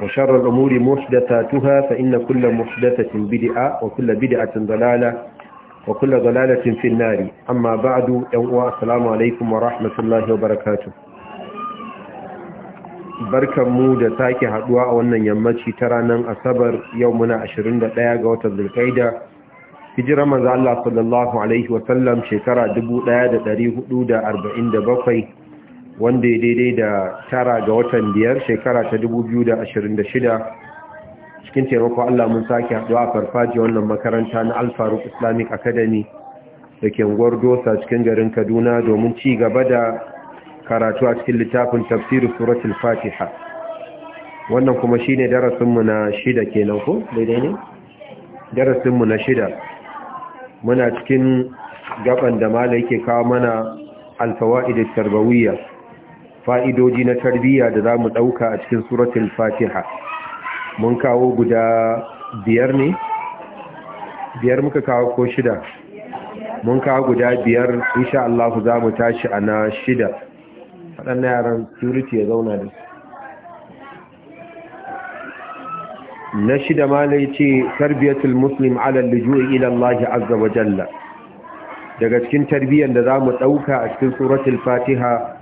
وشر الأمور محدثاتها فإن كل محدثة بدعة وكل بدعة ضلالة وكل ضلالة في النار أما بعد السلام عليكم ورحمة الله وبركاته barkan mu da sake haduwa a wannan yammaci ta ranar asabar yau muna 21 ga watan zulkaida hijira manzo Allah sallallahu alaihi wa sallam shekara 1447 wanda ya daidai da tara ga watan biyar shekara ta da shida, cikin taimako Allah mun sake haɗuwa a farfaji wannan makaranta na alfaruk islamic academy da ke dosa cikin garin kaduna domin ci gaba da karatu a cikin littafin tafsirin suratul fatiha wannan kuma shi ne darasinmu na shida kenan ko daidai ne darasinmu na shida muna cikin gaban da mala yake kawo mana idis tarbawiyya fa'idoji na tarbiyya da za mu ɗauka a cikin suratul fatiha mun kawo guda biyar ne biyar muka kawo ko shida mun kawo guda biyar insha Allah za mu tashi a na shida waɗannan yaran security ya zauna da na shida malai ce tarbiyyatul muslim ala lujui ila Allah azza wa jalla daga cikin tarbiyyar da za mu ɗauka a cikin suratul fatiha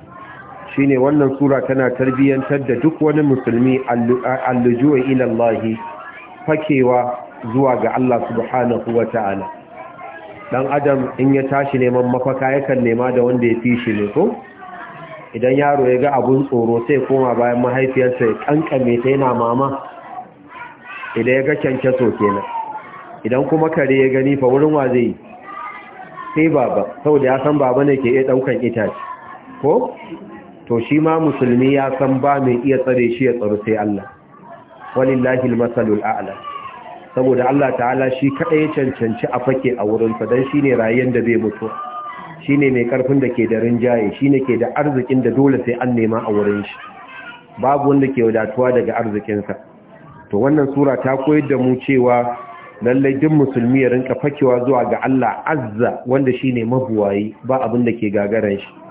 shine wannan sura tana tarbiyyantar da duk wani musulmi allujuwa ila fakewa zuwa ga Allah subhanahu ta'ala dan adam in ya tashi neman mafaka yakan nema da wanda ya fi shi ne ko idan yaro ya ga abun tsoro sai koma bayan mahaifiyarsa ya kankame ta yana mama idan ya ga kyankyaso kenan idan kuma kare ya gani fa wurin wa zai sai baba saboda ya san baba ne ke iya daukan itace ko to shi ma musulmi ya san ba mai iya tsare shi ya tsaro sai Allah walillahi almasalul a'la saboda Allah ta'ala shi kadai ya cancanci a fake a wurin sa dan shine rayuwar da bai mutu shine mai karfin da ke da rinjaye shine ke da arzikin da dole sai an nema a wurin shi babu wanda ke wadatuwa daga arzikin sa to wannan sura ta koyar da mu cewa lallai duk musulmi ya rinka fakewa zuwa ga Allah azza wanda shine mabuwayi ba abin da ke gagaran shi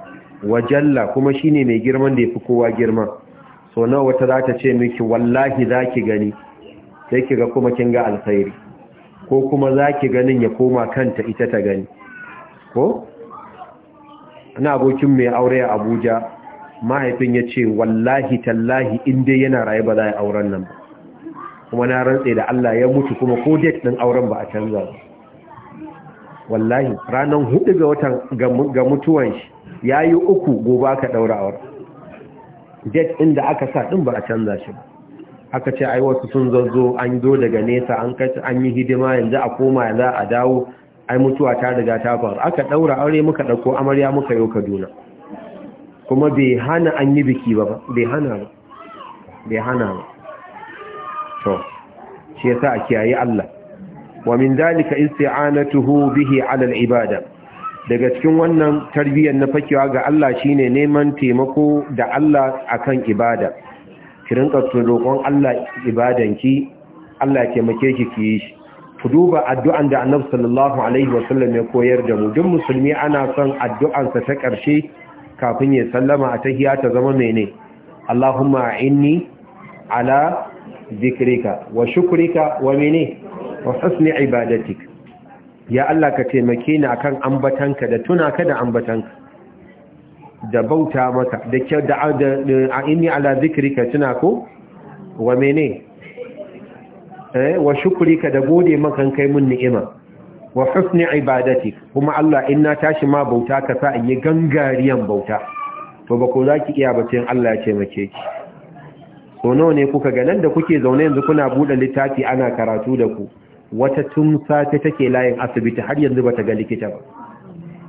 wajalla kuma shine mai girman da yafi kowa girma so nawa wata zata ce miki wallahi za ki gani sai ki ga kuma kin ga alkhairi ko kuma za ganin ya koma kanta ita ta gani ko ina abokin mai aure a abuja mahaifin ya ce wallahi tallahi dai yana raye ba za a yi auren nan ba kuma na rantse da Allah ya mutu kuma ko date din auren ba a canza ba wallahi ranan hudu ga watan ga mutuwan shi ya yi uku gobe aka ɗaurawar jet inda aka sa ɗin ba a canza shi ba aka ce ai wasu sun zazzo an zo daga nesa an an yi hidima yanzu a koma yanzu a dawo ai mutuwa ta riga ta faru aka daura aure muka ɗauko amarya muka yau Kaduna kuma bai hana an yi biki ba bai hana ba bai hana ba to shi yasa a kiyaye Allah wa min zalika isti'anatuhu bihi 'ala al-ibada daga cikin wannan tarbiyyar na fakewa ga Allah shine neman taimako da Allah akan ibada ki rinka roƙon Allah ibadanki Allah ya taimake ki ki yi shi ku duba addu'an da Annabi sallallahu alaihi wasallam ya koyar da mu duk musulmi ana son sa ta ƙarshe kafin ya sallama a tahiya ta zama mene Allahumma inni ala zikrika wa shukrika wa mene wa husni ibadatik ya Allah ka taimake ni akan ambatanka da tuna ka da ambatanka da bauta maka da kyau da a inni ala zikrika tuna ko wa mene eh wa shukrika da gode maka kai mun ni'ima wa husni ibadati kuma Allah inna tashi ma bauta ka sa in yi gangariyan bauta to ba ko zaki iya bacin Allah ya taimake ki so nawa ne kuka ga nan da kuke zaune yanzu kuna bude littafi ana karatu da ku wata tun safe take layin asibiti har yanzu bata ga likita ba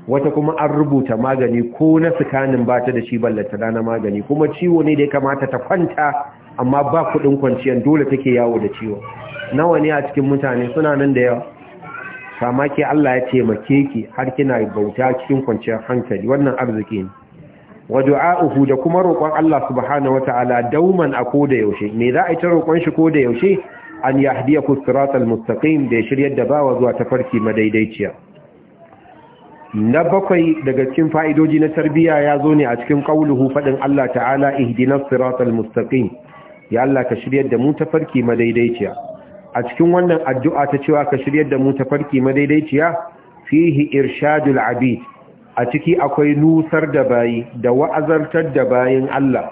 wata kuma an rubuta magani ko na sukanin bata ta da shi ballata na magani kuma ciwo ne da ya kamata ta kwanta amma ba kudin kwanciyar dole take yawo da ciwo nawa ne a cikin mutane suna nan da yawa kama ke Allah ya ce make ki har kina bauta cikin kwanciyar hankali wannan arziki ne wa du'a'uhu da kuma roƙon Allah subhanahu wata'ala dauman a koda yaushe me za a yi ta roƙon shi koda yaushe an yahdiyaku siratal mustaqim da ya shiryar da bawa zuwa tafarki madaidaiciya na bakwai daga cikin fa'idoji na tarbiya ya zo ne a cikin qauluhu fadin Allah ta'ala ihdinas siratal mustaqim ya Allah ka shiryar da mu tafarki madaidaiciya a cikin wannan addu'a ta cewa ka shiryar da mu tafarki madaidaiciya fihi irshadul abid a ciki akwai nusar da bayi da wa'azartar da bayin Allah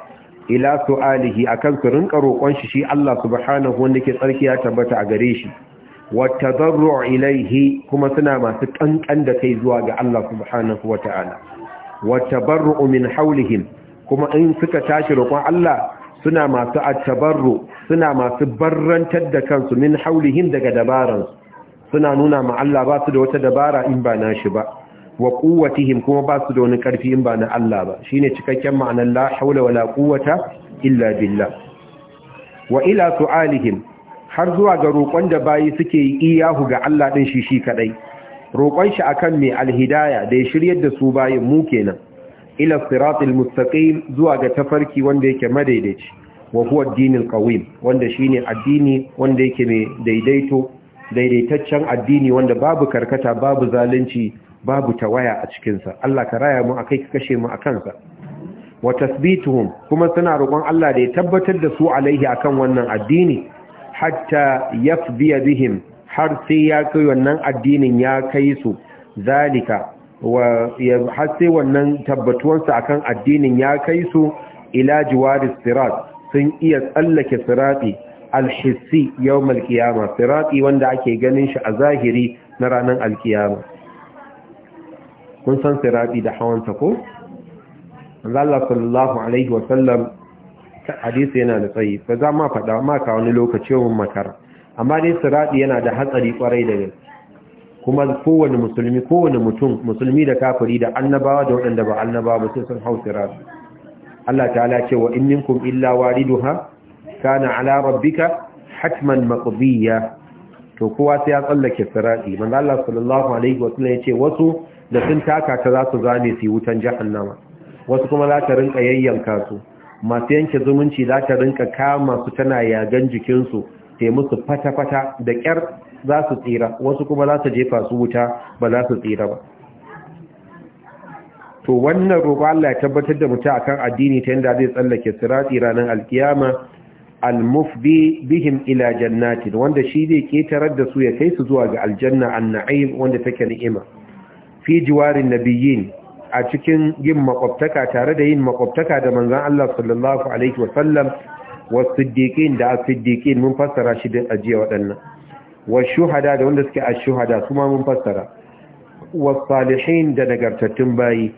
ila su'alihi akan su rinƙa roƙon shi shi Allah subhanahu wanda ke tsarki ya tabbata a gare shi wattadarru ilaihi kuma suna masu kankan da kai zuwa ga Allah subhanahu wata'ala wattabarru min haulihim kuma in suka tashi roƙon Allah suna masu attabarru suna masu barrantar da kansu min haulihim daga dabaran suna nuna ma Allah ba su da wata dabara in ba nashi ba wa quwwatihim kuma ba su da wani karfi in ba na Allah ba shine cikakken ma'anar la haula wala quwwata illa billah wa ila su'alihim har zuwa ga roƙon da bayi suke yi iyahu ga Allah ɗin shi shi kaɗai. roƙon shi akan mai alhidaya da ya shiryar da su bayin mu kenan ila siratil mustaqim zuwa ga tafarki wanda yake madaidaici wa huwa ad-dinul qawim wanda shine addini wanda yake mai daidaito daidaitaccen addini wanda babu karkata babu zalunci babu tawaya a cikinsa Allah ka raya mu akai ka kashe mu a kansa wa tasbituhum kuma suna roƙon Allah da ya tabbatar da su alaihi akan wannan addini hatta yafdi bihim har sai ya kai wannan addinin ya kai su zalika wa har sai wannan tabbatuwarsa akan addinin ya kai su ila jiwari sirat sun iya tsallake sirati alhissi yawmal qiyama sirati wanda ake ganin shi a zahiri na ranar alkiyama kun san sirati da hawansa ko Allah sallallahu alaihi wa sallam hadisi yana da tsayi ba za ma faɗa maka ka wani lokaci mun makara amma dai sirati yana da hatsari kwarai da kuma kowane musulmi kowane mutum musulmi da kafiri da annabawa da waɗanda ba annabawa ba sai sun hau sirati Allah ta'ala ce wa in minkum illa wariduha kana ala rabbika hatman maqdiya to kowa sai ya tsallake sirati manzo Allah sallallahu alaihi wa sallam ya ce wasu da sun taka ta za su zane su yi wutan jahannama wasu kuma za ta rinka yayyanka su masu yanke zumunci za ta rinka kama su tana yagan jikinsu ta musu fata-fata da ƙyar za su tsira wasu kuma za su jefa su wuta ba za su tsira ba to wannan roƙo Allah ya tabbatar da mutum akan addini ta yadda zai tsallake siratsi ranar alkiyama al mufbi bihim ila jannatin wanda shi zai ketarar da su ya kai su zuwa ga aljanna an-na'im wanda take ni'ima fi jiwarin nabiyyin a cikin yin makwabtaka tare da yin makwabtaka da manzan Allah sallallahu alaihi wasallam siddiƙin da siddiƙin mun fassara shi da ajiya waɗannan washuhada da wanda suke a su ma mun fassara wasalihin da nagartattun bayi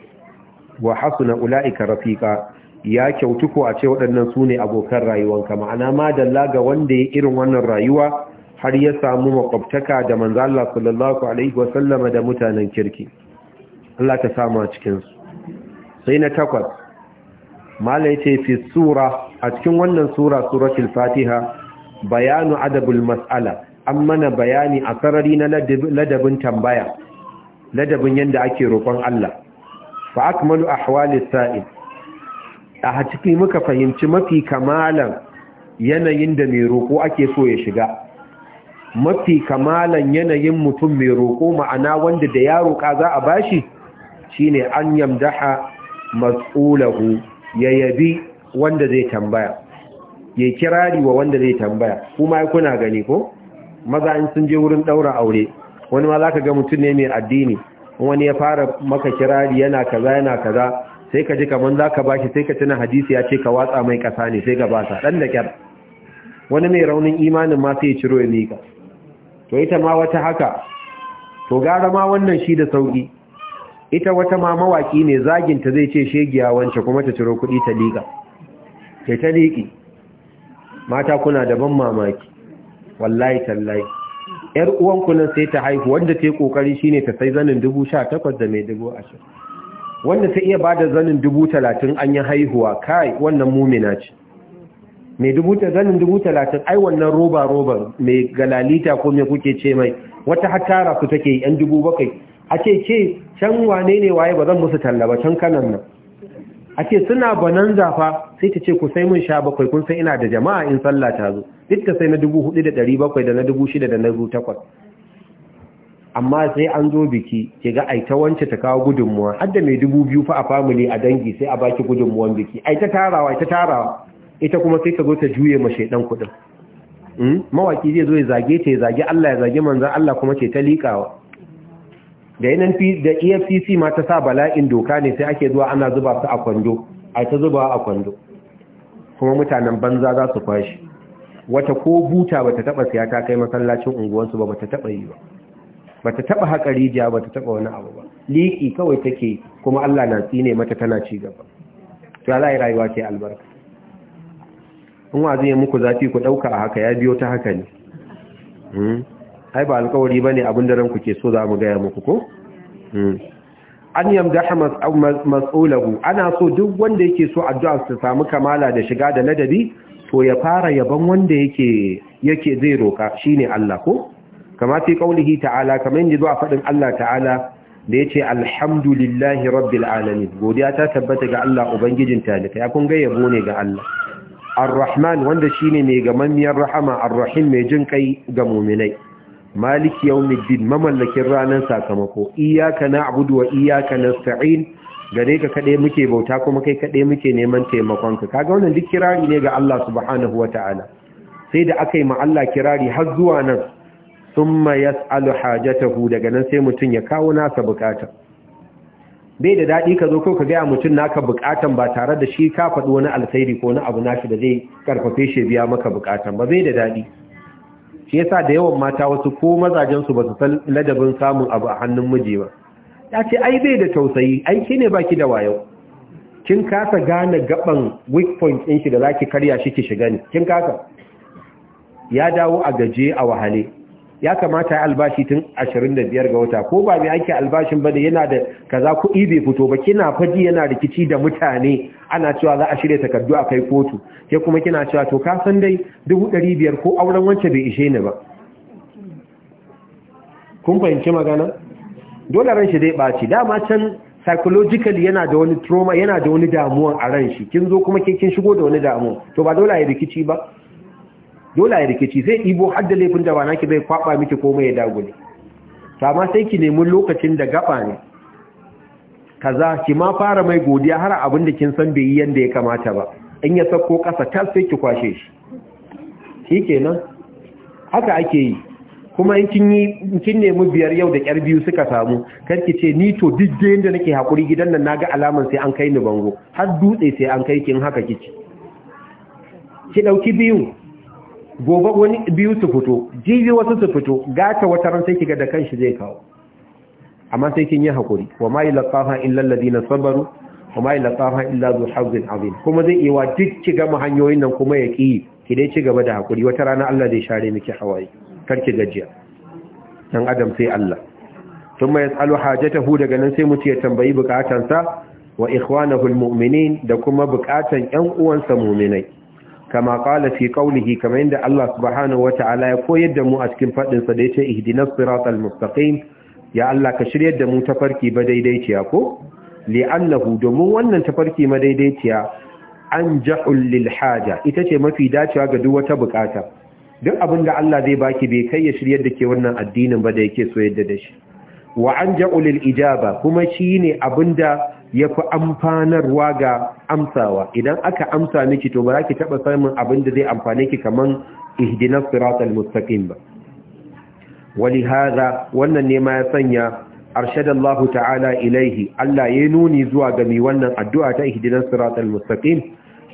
wa hasuna ulaika rafiƙa ya kyautuko a ce waɗannan su ne abokan rayuwanka ma'ana ma dalla ga wanda ya irin wannan rayuwa har ya samu makwabtaka da Manzala, sallallahu alaihi wasallam da mutanen kirki Allah ta samu a cikinsu. sai na takwas mala ya fi sura a cikin wannan sura suratul fatiha bayanu adabul mas'ala an mana bayani a sarari na ladabin tambaya ladabin yadda ake roƙon Allah fa akmalu ahwalis sa'il a haciki muka fahimci mafi kamalan yanayin da mai roƙo ake so ya shiga mafi kamalan yanayin mutum mai roƙo ma'ana wanda da ya roƙa za a bashi shine an yamdaha mas'ulahu ya yabi wanda zai tambaya ya kirari wa wanda zai tambaya kuma kuna gani ko maza in sun je wurin ɗaura aure wani ma za ka ga mutum ne mai addini wani ya fara maka kirari yana kaza yana kaza sai ka ji kamar za ka bashi sai ka tuna hadisi ya ce ka watsa mai ƙasa ne sai ka basa Ɗan da ƙyar. wani mai raunin imanin ma sai ya ciro ya mika to ita ma wata haka to gara ma wannan shi da sauki ita wata ma mawaki ne zaginta zai ce shegiya wance kuma ta ciro kuɗi ta liƙa ke ta liƙi mata kuna da ban mamaki wallahi tallahi yar uwanku nan sai ta haihu wanda ta yi kokari shine ta sai zanin takwas da mai ashirin, wanda ta iya bada zanin talatin an yi haihuwa kai wannan mumina ce mai dubu zanin dubu talatin ai wannan roba roba mai galalita ko mai kuke ce mai wata hatara su take yan dubu bakwai a ce ke can wane ne waye ba zan musu talla ba can kanan nan a ce suna banan zafa sai ta ce ku sai mun sha bakwai kun sai ina da jama'a in sallah ta zo duk ta sai na dubu hudu da dari bakwai da na dubu shida da na dubu takwas amma sai an zo biki ke ga ai ta wance ta kawo gudunmuwa har mai dubu biyu fa a famili a dangi sai a baki gudunmuwan biki ai tarawa ai tarawa ita kuma sai ka zo ta juye ma shaidan kuɗin hmm? mawaki zai zo ya zage ta ya zage Allah ya zage manzan Allah kuma ce ta liƙawa da NNP da EFCC ma ta sa bala'in doka ne sai ake zuwa ana zuba su a kwando a ta zuba a kwando kuma mutanen banza za su kwashi wata ko buta bata taba siya ta kai masallacin unguwansu ba bata taba yi ba bata taba haƙa rijiya bata taba wani abu ba liki kawai take kuma Allah na tsine mata tana ci gaba to Allah ya rayuwa ce albarka in wa zai muku zafi ku ɗauka a haka ya biyo ta haka ne hmm? ai ba alkawari ba ne abin da ranku ke so za mu gaya muku ko hmm. an yamdaha mas'ulahu ana so duk wanda yake so addu'a su samu kamala da shiga da ladabi to ya fara yaban wanda yake yake zai roka shine Allah ko kama fi qaulihi ta'ala kamar yadda zuwa fadin Allah ta'ala da yace alhamdulillahi rabbil alamin godiya ta tabbata ga Allah ubangijin talika ya kun ga yabo ne ga Allah ar-rahman wanda shine mai gamammiyar rahama ar-rahim mai jin kai ga mu'minai maliki yawmiddin mamallakin ranar sakamako iyyaka na'budu wa iyyaka nasta'in gare ka kade muke bauta kuma kai kade muke neman taimakon ka kaga wannan duk kirari ne ga Allah subhanahu wata'ala sai da aka yi ma Allah kirari har zuwa nan summa yas'alu hajatahu daga nan sai mutun ya kawo nasa bukata bai da daɗi ka zo ko ka gaya mutum naka bukatan ba tare da shi ka faɗi wani alkhairi ko wani abu nashi da zai karfafe shi biya maka bukatan ba bai da daɗi shi yasa da yawan mata wasu ko mazajen su ba su san ladabin samun abu a hannun miji ba ya ce ai bai da tausayi ai ki ne baki da wayo kin kasa gane gaban weak point ɗin shi da zaki karya shi ki shiga ne kin kasa ya dawo a gaje a wahale ya kamata albashi tun 25 ga wata ko ba mai ake albashin ba da yana da kaza kuɗi bai fito ba kina faji yana rikici da mutane ana cewa za a shirya takardu a kai kotu ke kuma kina cewa to ka san dai 500 ko auren wance bai ishe ni ba kun fahimci magana dole ran shi zai ɓaci dama can psychologically yana da wani trauma yana da wani damuwa a ran shi kin zo kuma ke kin shigo da wani damuwa to ba dole yi rikici ba dole ya rikici zai ibo har da laifin da ba naki bai kwaba miki komai ya dagule to amma sai ki nemi lokacin da gaba ne kaza ki ma fara mai godiya har abin da kin san bai yi yanda ya kamata ba in ya sako kasa ta sai ki kwashe shi shikenan haka ake yi kuma in kin yi kin nemi biyar yau da kyar biyu suka samu kar ki ce ni to duk da yanda nake hakuri gidan nan naga alaman sai an kai ni bango har dutse sai an kai kin haka kici ki dauki biyu gobe wani biyu su fito jibi wasu su fito gata wata ran sai kiga da kanshi zai kawo amma sai kin yi hakuri wa ma yulqaha illa alladhina sabaru wa ma yulqaha illa zu hazzin azim kuma zai yi wa duk kiga mu hanyoyin nan kuma ya ki ki dai ci gaba da hakuri wata rana Allah zai share miki hawaye kar ki gajiya dan adam sai Allah thumma yasalu hajatahu daga nan sai mutu ya tambayi bukatansa wa ikhwanahu almu'minin da kuma bukatan yan uwansa mu'minai kama kala fi kaulihi kama inda Allah subhanahu ta'ala ya koyar da mu a cikin fadin sa da yace ihdinas siratal mustaqim ya Allah ka shiryar da mu tafarki ba daidaiciya ko li'annahu domin wannan tafarki ma daidaiciya an ja'ul lil haja ita ce mafi dacewa ga duk wata bukata duk abin da Allah zai baki bai kai ya shiryar da ke wannan addinin ba da yake so yadda da shi wa an ja'ul lil ijaba kuma shine abinda ya fi amfanarwa ga amsawa idan aka amsa miki to ba ki taɓa samun abin da zai amfane ki kamar ihdinas siratal mustaqim ba wali hada wannan ne ma ya sanya arshadallahu ta'ala ilaihi Allah ya nuni zuwa ga mai wannan addu'a ta ihdinas siratal mustaqim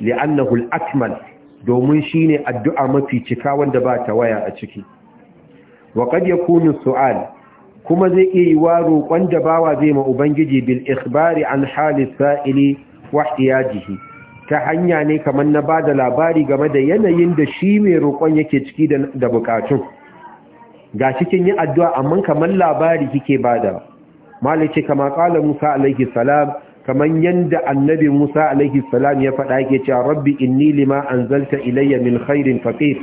li'annahu al-akmal domin shine addu'a mafi cika wanda ba ta waya a ciki wa qad yakunu su'al kuma zai iya yi wa roƙon da bawa zai ma ubangiji bil ikhbari an halis sa'ili wa ihtiyajihi ta hanya ne kamar na ba da labari game da yanayin da shi mai roƙon yake ciki da bukatun ga cikin yi addu'a amma kamar labari kike bada malice kama ƙala musa alaihi salam kamar yadda annabi musa alaihi salam ya faɗa ke cewa rabbi inni lima anzalta ilayya min khairin faqir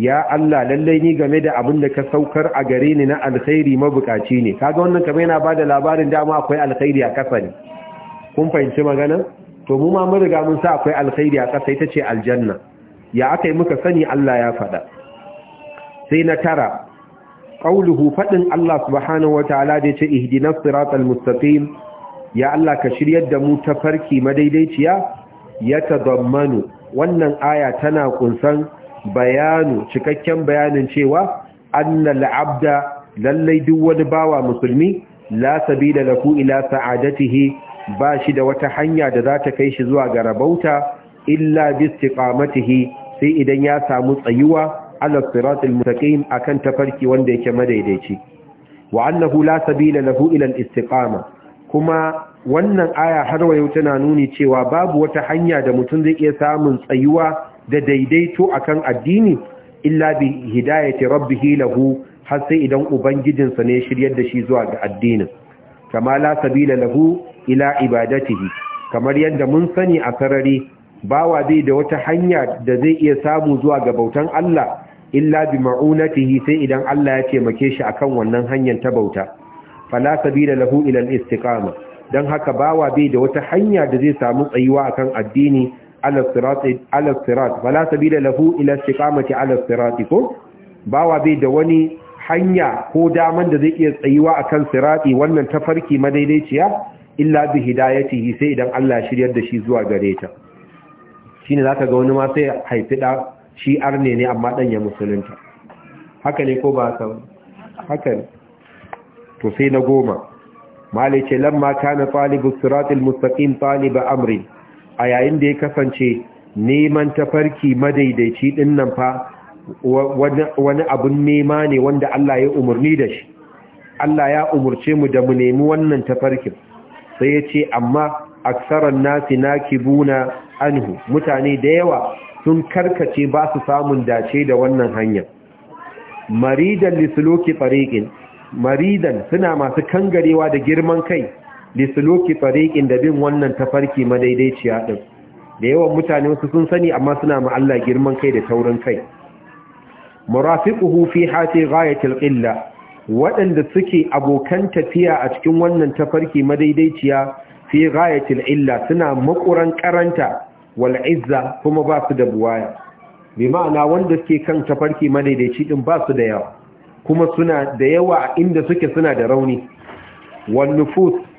ya Allah lallai ni game da abin da ka saukar a gare ni na alkhairi mabukaci ne kaga wannan kamar yana bada labarin dama akwai alkhairi a kasa ne kun fahimci magana to mu ma mun riga mun sa akwai alkhairi a kasa ita ce aljanna ya akai muka sani Allah ya faɗa sai na tara qauluhu fadin Allah subhanahu wataala da yace ihdinas siratal mustaqim ya Allah ka shiryar da mu ta farki madaidaiciya ya wannan aya tana kunsan bayanu cikakken bayanin cewa annal abda lallai duk wani bawa musulmi la sabila lahu ila sa'adatihi ba shi da wata hanya da za ta kai shi zuwa ga rabauta illa bi sai idan ya samu tsayuwa ala siratul mustaqim akan tafarki wanda yake madaidaici wa annahu la sabila lahu ila al-istiqama kuma wannan aya har wayo tana nuni cewa babu wata hanya da mutum zai iya samun tsayuwa da daidaito akan addini illa bi hidayati rabbihi lahu har sai idan ubangijinsa ne shiryar da shi zuwa ga addinin kama la sabila lahu ila ibadatihi kamar yadda mun sani a sarari bawa zai da wata hanya da zai iya samu zuwa ga bautan Allah illa bi ma'unatihi sai idan Allah ya taimake shi akan wannan hanyar ta bauta fala sabila lahu ila al-istiqama dan haka bawa bai da wata hanya da zai samu tsayuwa akan addini على الصراط على sirat wala سبيل له الى استقامه على sirati ko bawa bai da wani hanya ko daman da zai iya tsayuwa akan sirati wannan tafarki madaidaiciya illa bi hidayatihi sai idan Allah shiryar da shi zuwa gare ta shine zaka ga wani ma sai haifi da shi arne ne amma dan ya musulunta haka ne ko ba san haka to sai na goma ce lamma kana talibu siratil mustaqim taliba amrin a yayin da ya kasance neman tafarki madaidaici din nan fa wani abun nema ne wanda Allah ya umarni da shi Allah ya umurce mu da mu nemi wannan tafarkin sai ya ce amma aksaran nasi nakibuna anhu mutane da yawa sun karkace ba su samun dace da wannan hanyar maridan lisuluki tariqin maridan suna masu kangarewa da girman kai lisuluki tariqin da bin wannan tafarki madaidaiciya din da yawan mutane wasu sun sani amma suna ma Allah girman kai da taurin kai murafiquhu fi hati ghayatil qilla waɗanda suke abokan tafiya a cikin wannan tafarki madaidaiciya fi ghayatil illa suna makuran karanta wal izza kuma ba su da buwaya bi ma'ana wanda suke kan tafarki madaidaici din ba su da yawa kuma suna da yawa inda suke suna da rauni wal nufus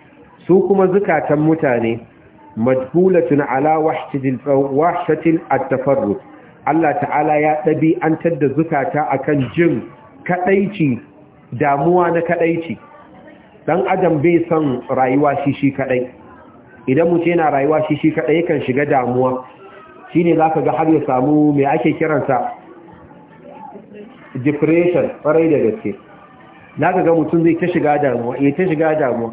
su kuma zukatan mutane majhulatun ala wahshatil at-tafarrud Allah ta'ala ya dabi an tadda zukata akan jin kadaici damuwa na kadaici dan adam bai son rayuwa shi shi kadai idan mutum yana rayuwa shi shi kadai kan shiga damuwa shine zaka ga har ya samu me ake kiransa depression farai da gaske zaka ga mutum zai ta shiga damuwa eh ta shiga damuwa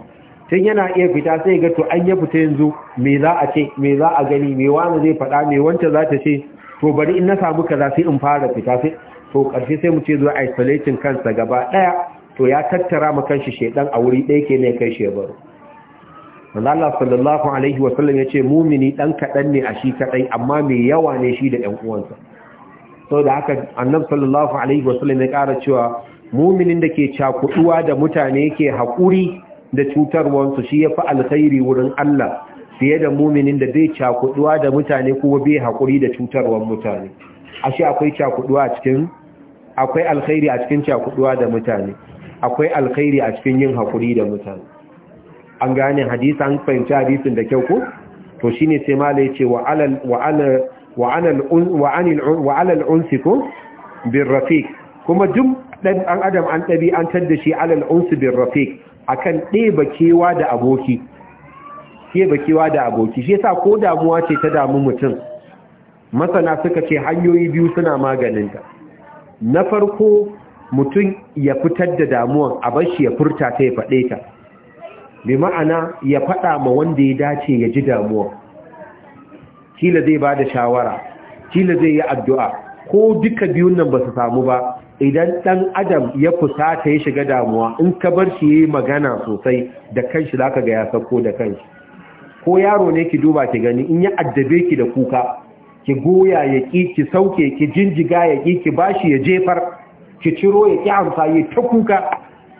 tun yana iya fita sai ga to an ya fita yanzu me za a ce me za a gani me wani zai faɗa me wanta za ta ce to bari in na samu kaza sai in fara fita sai to ƙarshe sai mu ce zuwa isolating kansa gaba ɗaya to ya tattara ma kanshi shedan a wuri ɗaya ke ne kai shi ya baro Allah sallallahu alaihi wa sallam ce mumini dan kaɗan ne a shi kaɗai amma me yawa ne shi da ɗan uwansa da haka annabi sallallahu alaihi wa ya ƙara cewa muminin da ke cakuɗuwa da mutane yake haƙuri da cutarwansu shi ya fi alkhairi wurin Allah fiye da muminin da bai cakuduwa da mutane kuma bai haƙuri da cutarwan mutane ashe akwai cakuduwa a cikin akwai alkhairi a cikin cakuduwa da mutane akwai alkhairi a cikin yin haƙuri da mutane an gane hadisi an fahimci hadisin da kyau ko to shine sai malai ce wa alal wa ko wa rafik? wa wa unsiku rafiq kuma duk dan adam an dabi an tadda shi alal unsi bin rafiq akan ɗeba kewa da aboki ɗeba kewa da aboki shi yasa ko damuwa ce ta damu mutum masana suka ce hanyoyi biyu suna maganinta na farko mutum ya fitar da damuwan a bar shi ya furta ta ya faɗe ta bi ma'ana ya faɗa ma wanda ya dace ya ji damuwa kila zai ba da shawara kila zai yi addu'a ko duka biyun nan ba su samu ba idan ɗan adam ya fusata ya shiga damuwa in ka bar shi yi magana sosai da kanshi zaka ga ya sauko da kanshi ko yaro ne ki duba ki gani in ya addabe ki da kuka ki goya ya ƙi, ki sauke ki jinjiga ya ki ki bashi ya jefar ki ciro ya amsa amfani ta kuka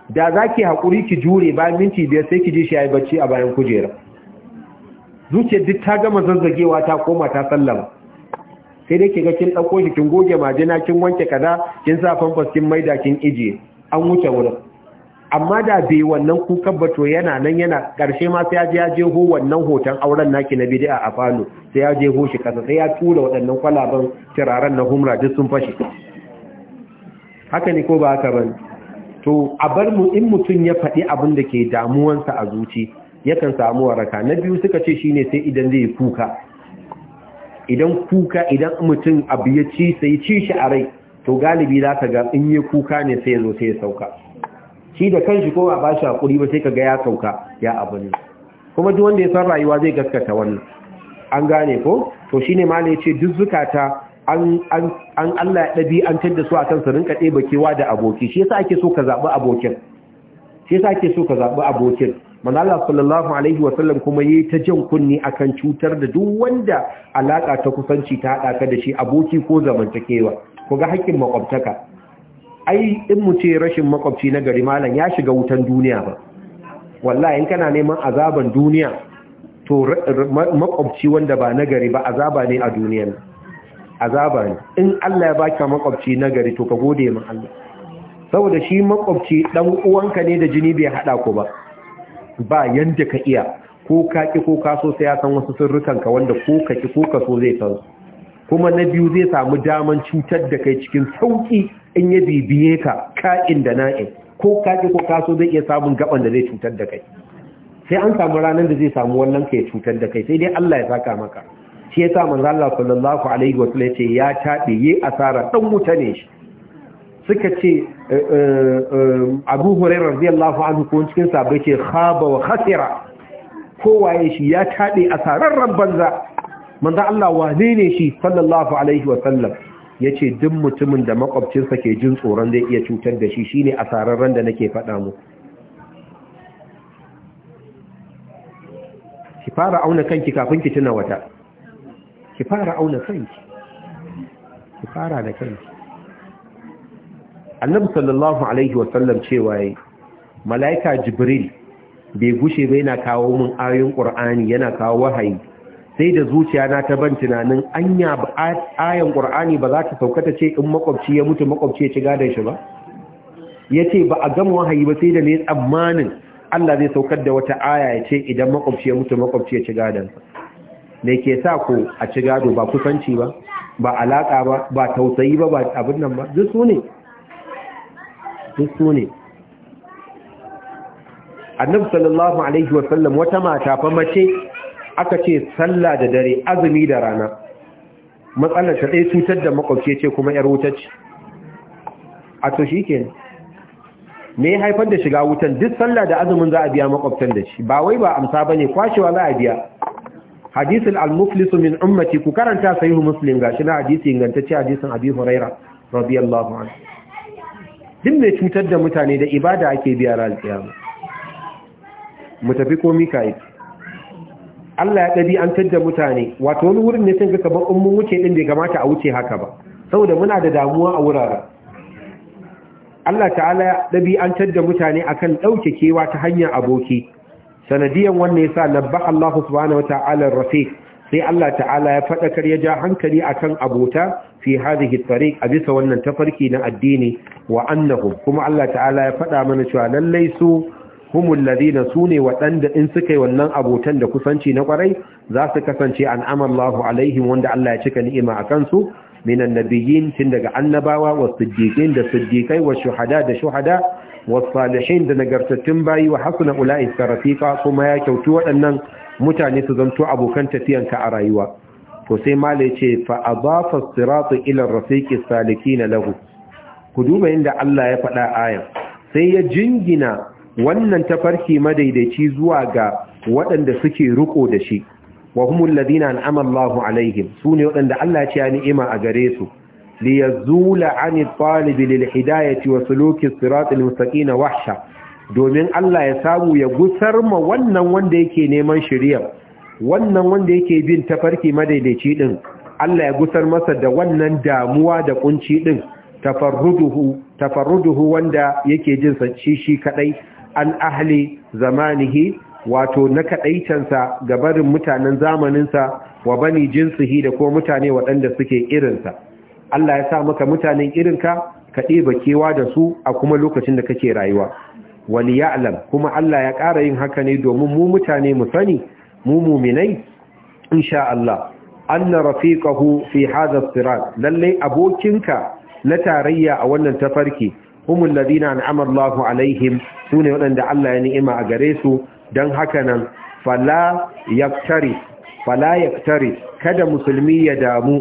da za ki haƙuri ki jure bayan minti biyar sai ki ji shi ya yi bacci a bayan kujera zuciyar duk ta gama zazzagewa ta koma ta sallama sai dai kiga kin ɗauko shi kin goge majina kin wanke kaza kin sa famfas kin maida kin ije an wuce wurin amma da bai wannan kukan ba to yana nan yana karshe ma sai ya je ya je ho wannan hoton auren naki na bid'a a falo sai ya je ho shi kasa sai ya tura waɗannan kwalaban tiraran na humra duk sun fashe haka ne ko ba haka ba to a bar mu in mutum ya faɗi abin da ke damuwansa a zuci yakan samu waraka na biyu suka ce shine sai idan zai kuka idan kuka idan mutum abu ya ci sai ci shi a rai to galibi za ka ga in yi kuka ne sai ya zo sai ya sauka shi da kanshi ko ba ba shi hakuri ba sai ka ga ya sauka ya abu ne kuma duk wanda ya san rayuwa zai gaskata wannan an gane ko to ne ma ne yace duk zukata an Allah ya ɗabi an tadda su akan su rinka ɗeba kewa da aboki shi yasa ake so ka ake so ka zaɓi abokin manzala sallallahu alaihi wasallam kuma yayi ta jan kunni akan cutar da duk wanda alaka ta kusanci ta hada ka da shi aboki ko zamantakewa ko ga haƙƙin makwabtaka ai in mu ce rashin makwabci na gari malam ya shiga wutan duniya ba wallahi in kana neman azaban duniya to makwabci wanda ba na gari ba azaba ne a duniyan azaba ne in Allah ya baka makwabci na gari to ka gode ma Allah saboda shi makwabci dan uwanka ne da jini bai hada ku ba ba yadda ka iya ko ka ki ko ka sai ya san wasu sirrukan wanda ko ka ki ko ka zai san kuma na biyu zai samu daman cutar da kai cikin sauki in ya bibiye ka ka'in da na'in ko ka ki ko ka zai iya samun gaban da zai cutar da kai sai an samu ranar da zai samu wannan ka ya cutar da kai sai dai Allah ya saka maka shi ya sa manzo Allah sallallahu alaihi sallam ya ce ya tabe yi asara dan wuta ne shi suka ce eh, eh, eh, abu hurairar radiyallahu anhu ko cikin sabai ce khaba wa khasira kowaye shi ya taɗe a rabban banza manzan Allah wane ne shi sallallahu alaihi wa sallam ce duk mutumin da makwabcinsa ke jin tsoron zai iya cutar da shi shine a ran da nake faɗa mu ki fara auna kanki kafin ki tuna wata ki fara auna kanki ki fara da kanki annabi sallallahu alaihi wasallam cewa yi, malaika jibril bai gushe ba yana kawo min ayoyin qur'ani yana kawo wahayi sai da zuciya na ta ban tunanin anya ayan qur'ani ba za ta sauka ta ce in makwabci ya mutu makwabci ya ci gadon shi ba yace ba a gama wahayi ba sai da ne tsammanin Allah zai saukar da wata aya ya ce idan makwabci ya mutu makwabci ya ci gadon me ke sa ko a ci gado ba kusanci ba ba alaka ba ba tausayi ba ba abin nan ba duk su su ne annabi sallallahu alaihi wasallam wata mata fa mace aka ce sallah da dare azumi da rana matsalar ta ɗaya cutar da makwabci ce kuma yar wuta ce a to shi ke me haifar da shiga wutan duk sallah da azumin za a biya makwabtan da shi ba wai ba amsa ba ne, kwashewa za a biya hadisul al-muflisu min ummati ku karanta sahihu muslim gashi na hadisi ingantacce hadisin abi huraira radiyallahu anhu duk mai cutar da mutane da ibada ake biya ran kiyama mu tafi komi kai Allah ya dabi an tadda mutane wato wani wurin ne sun ga kaman in mun wuce din bai kamata a wuce haka ba saboda muna da damuwa a wuraren Allah ta'ala ya dabi an tadda mutane akan dauke kewa ta hanyar aboki sanadiyan wannan yasa nabba Allah subhanahu wa ta'ala rafi sai Allah ta'ala ya kar ya ja hankali akan abota fi hadhihi tariq a bisa wannan tafarki na addini wa annahum kuma Allah ta'ala ya faɗa mana cewa lallai su humul ladina sune waɗanda in suka yi wannan abotan da kusanci na kwarai za su kasance an'ama Allahu alaihim wanda Allah ya cika ni'ima a kansu minan nabiyyin tun daga annabawa wa siddiqin da siddiqai wa shuhada da shuhada wa salihin da nagartattun bayi wa hasuna ulai sarafiqa kuma ya kyautu waɗannan mutane su zanto abokan tafiyanka a rayuwa to sai mala ya ce fa adafa siratu ila saliki na lahu ku duba inda Allah ya faɗa ayan sai ya jingina wannan tafarki madaidaici zuwa ga waɗanda suke ruko da shi wa humul ladina an'ama Allahu alaihim su ne waɗanda Allah ya ce ni'ima a gare su li yazula 'ani talibi lil hidayati wa suluki siratal na wahsha domin Allah ya samu ya gusar ma wannan wanda yake neman shari'a wannan wanda yake bin tafarki madaidaici din Allah ya gusar masa da wannan damuwa da kunci din tafarruduhu tafarruduhu wanda yake jin shi shi kadai an ahli zamanihi wato na kadaitansa ga barin mutanen zamaninsa wa bani jinsihi da ko mutane waɗanda suke irinsa Allah ya sa maka mutanen irinka ka ɗeba kewa da su a kuma lokacin da kake rayuwa wali ya'lam kuma Allah ya ƙara yin haka ne domin mu mutane mu sani mu muminai insha Allah anna rafiqahu fi hadha sirat lalle abokinka na tarayya a wannan tafarki humul ladina an'ama Allahu alaihim sune wadanda Allah ya ni'ima a gare su dan haka nan fala yaktari fala yaktari kada musulmi ya damu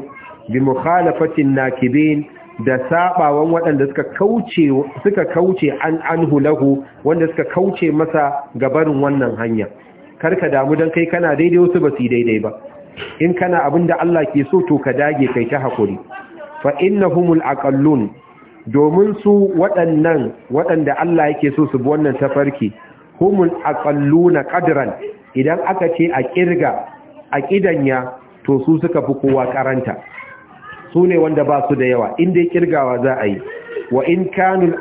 bi mukhalafatin nakibin da sabawan waɗanda suka kauce suka kauce an anhu lahu wanda suka kauce masa gabarin wannan hanya kar ka damu don kai kana daidai wasu ba su daidai ba in kana abin da Allah ke so to ka dage kai ta hakuri fa innahumul aqallun domin su waɗannan waɗanda Allah yake so su bi wannan tafarki humul aqalluna qadran idan aka ce a kirga a kidanya to su suka fi kowa karanta su ne wanda ba su da yawa In dai kirgawa za a yi wa in kanul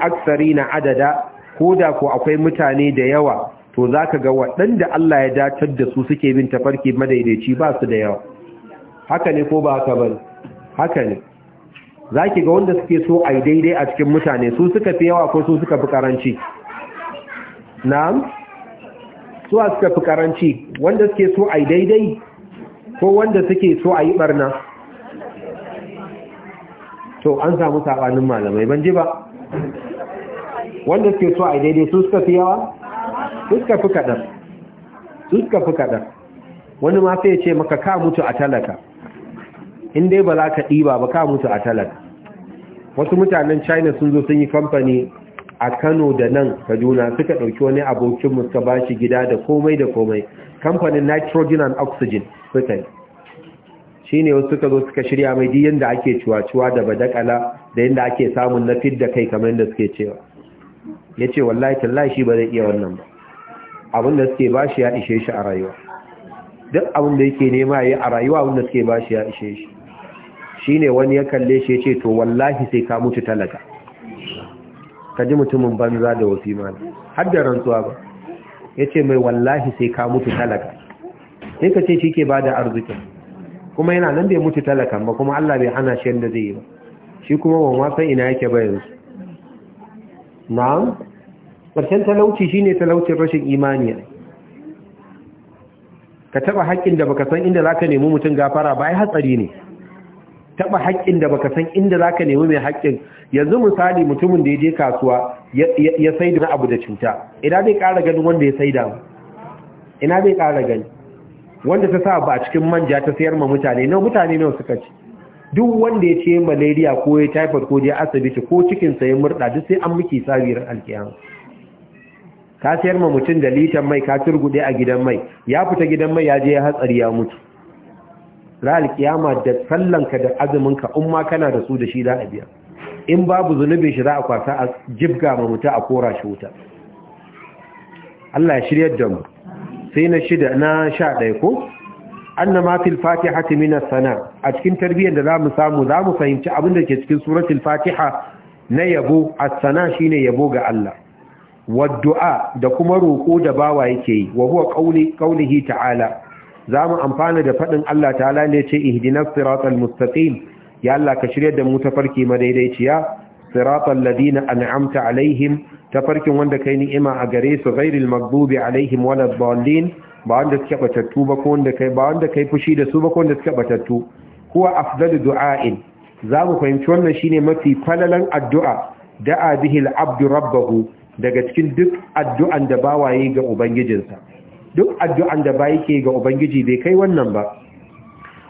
na adada ko da ko akwai mutane da yawa to za ka ga waɗanda Allah ya datar da su suke bin tafarki madaidaici ba su da yawa haka ne ko ba haka ba haka ne za ki ga wanda suke so a daidai a cikin mutane su suka fi yawa ko su suka fi karanci na'am a suka fi karanci wanda suke so a daidai ko wanda suke so a yi barna to an samu saɓanin malamai ban ji ba wanda suke so a daidai su suka fi yawa suka fi kaɗan suka fi kaɗan wani ma sai ce maka ka mutu a talaka in dai ba za ka ɗiba ba ka mutu a talaka wasu mutanen china sun zo sun yi kamfani a kano da nan kaduna suka ɗauki wani abokin muska ba shi gida da komai da komai kamfanin nitrogen and oxygen suka yi shi ne wasu suka zo suka shirya mai diyan da ake cuwa-cuwa da badakala da yadda ake samun na fidda kai kamar yadda suke cewa ya ce wallahi tallahi shi ba zai iya wannan ba abin da suke ba shi ya ishe shi a rayuwa duk abin da yake nema ya yi a rayuwa abin da suke ba shi ya ishe shi shi ne wani ya kalle shi ya ce to wallahi sai ka mutu talaka ka ji mutumin banza da wasu mana har da rantsuwa ba ya ce mai wallahi sai ka mutu talaka sai ka ce shi ke ba da arzikin kuma yana nan bai mutu talakan ba kuma Allah bai hana shi yadda zai yi ba shi kuma ma wasan ina yake ba yanzu na'am ƙarshen talauci shine talaucin rashin imani ka taba haƙƙin da baka san inda zaka nemi mutum gafara ba ai hatsari ne taba haƙƙin da baka san inda zaka nemi mai haƙƙin yanzu misali mutumin da ya je kasuwa ya saida abu da cuta ina zai ƙara ganin wanda ya saida ina zai ƙara gani wanda ta sa ba a cikin manja ta sayar ma mutane nawa mutane nawa suka ci duk wanda ya ce malaria ko ya typhoid ko ya asibiti ko cikin sa ya murda duk sai an miki sabirin alkiyama ka sayar ma mutum da litan mai ka turgude a gidan mai ya fita gidan mai ya je ya hatsari ya mutu ra'al kiyama da sallanka da azuminka in ma kana da su da shi za a biya in babu zunubin shi za a kwasa a jibga ma mutu a kora shi wuta Allah ya shiryar da mu sai na shida na sha ɗaya ko Annama fil fatihati min sana a cikin tarbiyyar da zamu samu zamu fahimci abin da ke cikin suratul fatiha na yabo as-sana shine yabo ga Allah waddu'a da kuma roƙo da bawa yake yi wa huwa ta'ala za mu amfana da faɗin Allah ta'ala ne yace ihdinas siratal mustaqim ya Allah ka shirya da mu tafarki madaidaiciya siratal ladina an'amta alaihim tafarkin wanda kai ni'ima a gare su ghairil maghdubi alaihim waladdallin ba wanda suke batattu ba ko wanda kai ba wanda kai fushi da su ba ko wanda suke batattu huwa afdalu du'a'in za mu fahimci wannan shine mafi falalan addu'a da'a bihi al-abdu rabbahu daga cikin duk addu'an da ba waye ga ubangijinsa duk addu'an da ba ke ga ubangiji bai kai wannan ba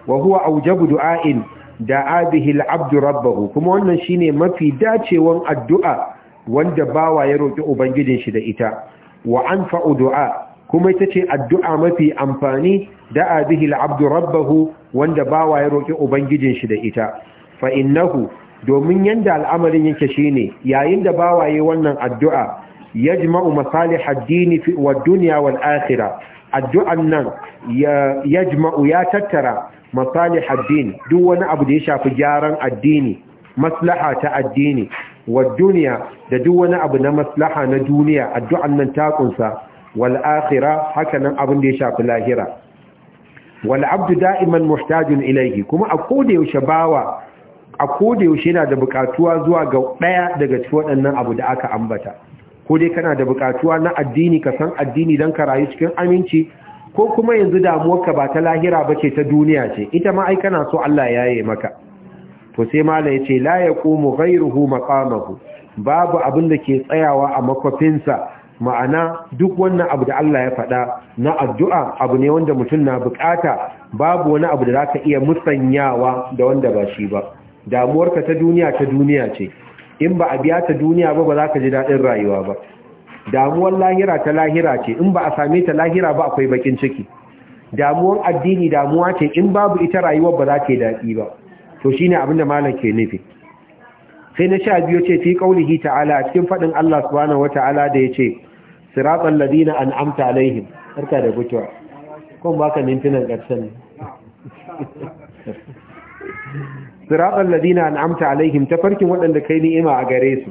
wa huwa aujabu du'ain da'a bihi abdu rabbahu kuma wannan shi ne mafi dacewan addu'a wanda ba waye roƙi ubangijin shi da ita wa fa'u du'a kuma ita ce addu'a mafi amfani da bihi abdu rabbahu wanda ba waye roƙi ubangijin shi da ita Fa'innahu. domin yanda al'amarin yake shine yayin da bawaye wannan addu'a yajma'u masalih ad-din wa duniya wal-akhirah addu'an nan yajma'u ya tattara masalih ad duk wani abu da ya shafi gyaran addini maslaha ta addini wa duniya, da duk wani abu na maslaha na duniya addu'an nan ta kunsa wal-akhirah abin da ya shafi lahira wal abdu da'iman muhtajun ilaihi kuma a koda yaushe bawa a ko da yaushe yana da bukatuwa zuwa ga ɗaya daga cikin waɗannan abu da aka ambata ko dai kana da bukatuwa na addini ka san addini don ka rayu cikin aminci ko kuma yanzu ka ba ta lahira ba ce ta duniya ce ita ma ai kana so Allah ya yi maka to sai mala ya ce la yaqumu ghayruhu maqamahu babu abin da ke tsayawa a makofinsa ma'ana duk wannan abu da Allah ya faɗa na addu'a abu ne wanda mutum na bukata babu wani abu da zaka iya musanyawa da wanda ba shi ba damuwarka ta duniya ta duniya ce in ba a biya ta duniya ba ba za ka ji daɗin rayuwa ba damuwar lahira ta lahira ce in ba a same ta lahira ba akwai bakin ciki damuwar addini damuwa ce in babu ita rayuwar ba za ta yi daɗi ba to shine abin da malam ke nufi sai na sha biyu ce fi kaulihi ta'ala a cikin faɗin Allah subhanahu wata'ala da ya ce siratsal ladina an'amta alaihim harka da gutuwa kun baka mintunan ƙarshen siratal ladina an'amta alaihim ta farkin waɗanda kai ni'ima a gare su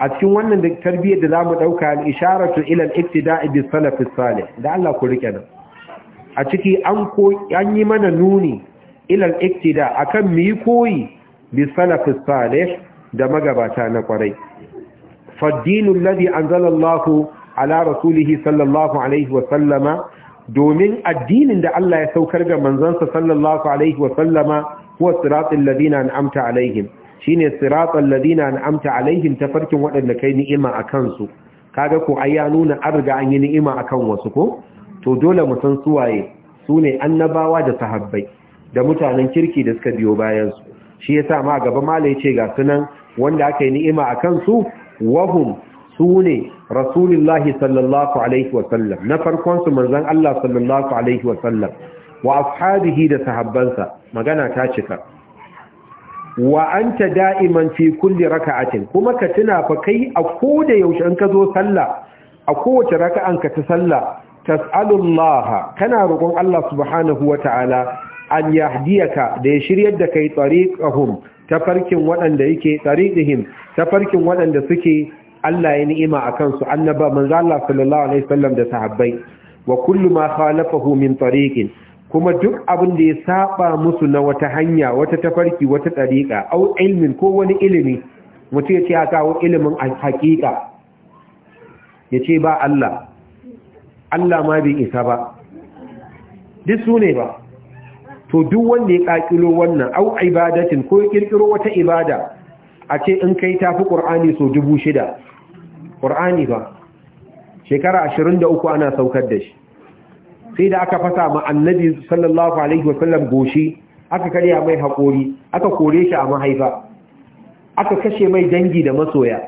a cikin wannan da tarbiyyar da zamu dauka al-isharatu ila al-ibtida'i bis salaf salih da Allah ku rike nan a ciki an ko an yi mana nuni ilal iktida, ibtida akan mu yi koyi bi salaf salih da magabata na kwarai faddinu alladhi anzala Allah ala rasulihi sallallahu alaihi wa sallama domin addinin da Allah ya saukar ga manzansa sallallahu alaihi wa sallama huwa siratul ladina an'amta alaihim shine siratul ladina an'amta alaihim tafarkin wadanda kai ni'ima akan su kaga ko ai ya nuna an riga an yi ni'ima akan wasu ko to dole mu san suwaye sune annabawa da sahabbai da mutanen kirki da suka biyo bayan su shi yasa ma gaba malai ce ga sunan wanda aka yi ni'ima akan su wahum sune rasulullahi sallallahu alaihi wasallam na farkon su manzon Allah sallallahu alaihi wasallam wa ashabihi da sahabbansa magana ta cika wa anta da'iman fi kulli raka'atin kuma ka tuna fa kai a koda yaushe an ka zo sallah a kowace raka'an ka ta sallah tas'alullaha kana roƙon Allah subhanahu wata'ala an yahdiyaka da ya shiryar da kai tariqahum tafarkin waɗanda yake tariqihim tafarkin waɗanda suke Allah ya ni'ima akan su annaba manzo Allah sallallahu alaihi wasallam da sahabbai wa kullu ma khalafahu min tariqin kuma duk abin da ya saba musu na wata hanya wata tafarki wata ɗariƙa au ilmin ko wani ilimi mutum ya ce ya kawo ilimin hakika ya ce ba Allah Allah ma bai isa ba duk su ne ba to duk wanda ya ƙaƙilo wannan au ibadatin ko ya ƙirƙiro wata ibada a ce in kai ta fi ƙur'ani so dubu shida ƙur'ani ba shekara ashirin da uku ana saukar da shi sai da aka fasa ma annabi sallallahu alaihi wasallam goshi aka karya mai haƙori aka kore shi a mahaifa aka kashe mai dangi da masoya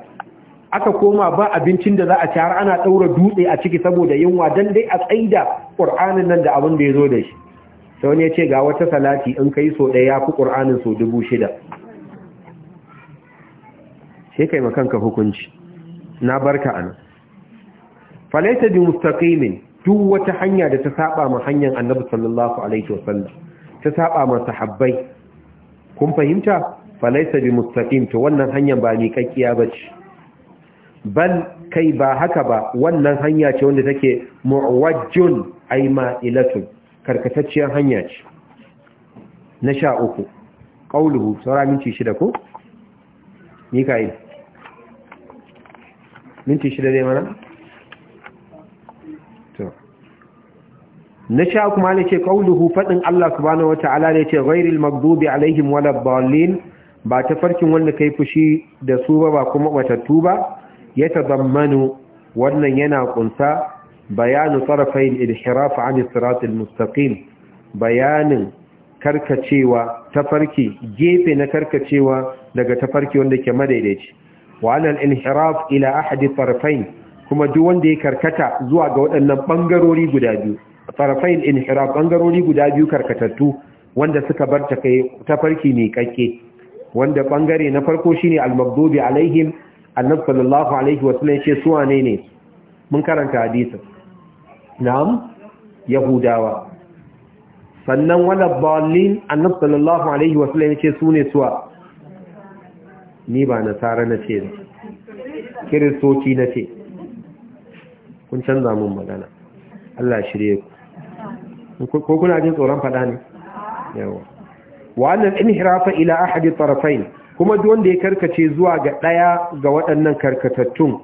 aka koma ba abincin da za a ci ana ɗaura dutse a ciki saboda yunwa don dai a tsaida ƙur'anin nan da abin da ya zo da shi sai wani ya ce ga wata salati in kai so ɗaya ya fi ƙur'anin so dubu shida sai kai makanka hukunci na barka ana falaita bi mustaqimin duk wata hanya da ta saba ma hanyar annabi sallallahu alaihi wasallam ta saba ma sahabbai kun fahimta laysa bi mustaqim to wannan hanyar ba ni kakkiya bace bal kai ba haka ba wannan hanya ce wanda take muwajjun ay ma'ilatun karkatacciyar hanya ce na sha uku qauluhu saura minti shida ko ni kai minti shida dai mana na sha kuma ne ce kauluhu fadin Allah subhanahu wata'ala ne ce ghairil maghdubi alaihim waladdallin ba ta farkin wanda kai fushi da su ba ba kuma batattu ba ya tadammanu wannan yana kunsa bayanu tarafai ilhiraf inhiraf an as mustaqim bayanin karkacewa tafarki gefe na karkacewa daga tafarki wanda ke madaidaici wa al-inhiraf ila ahadi tarafain kuma duk wanda ya karkata zuwa ga waɗannan bangarori guda biyu tarafain inhiraf bangarori guda biyu karkatattu wanda suka bar ta kai mai kakke wanda bangare na farko shine al-maghdubi alaihim annabi sallallahu alaihi wasallam yace su wane ne mun karanta hadisi na'am yahudawa sannan wala ballin annabi sallallahu alaihi wasallam yace su ne suwa ni ba nasara ce kiristoci na ce. kun canza mun magana Allah shirye ku ko kuna jin tsoron faɗa ne yawa wa inhirafa ila ahadi tarafain kuma duk wanda ya karkace zuwa ga daya ga waɗannan karkatattun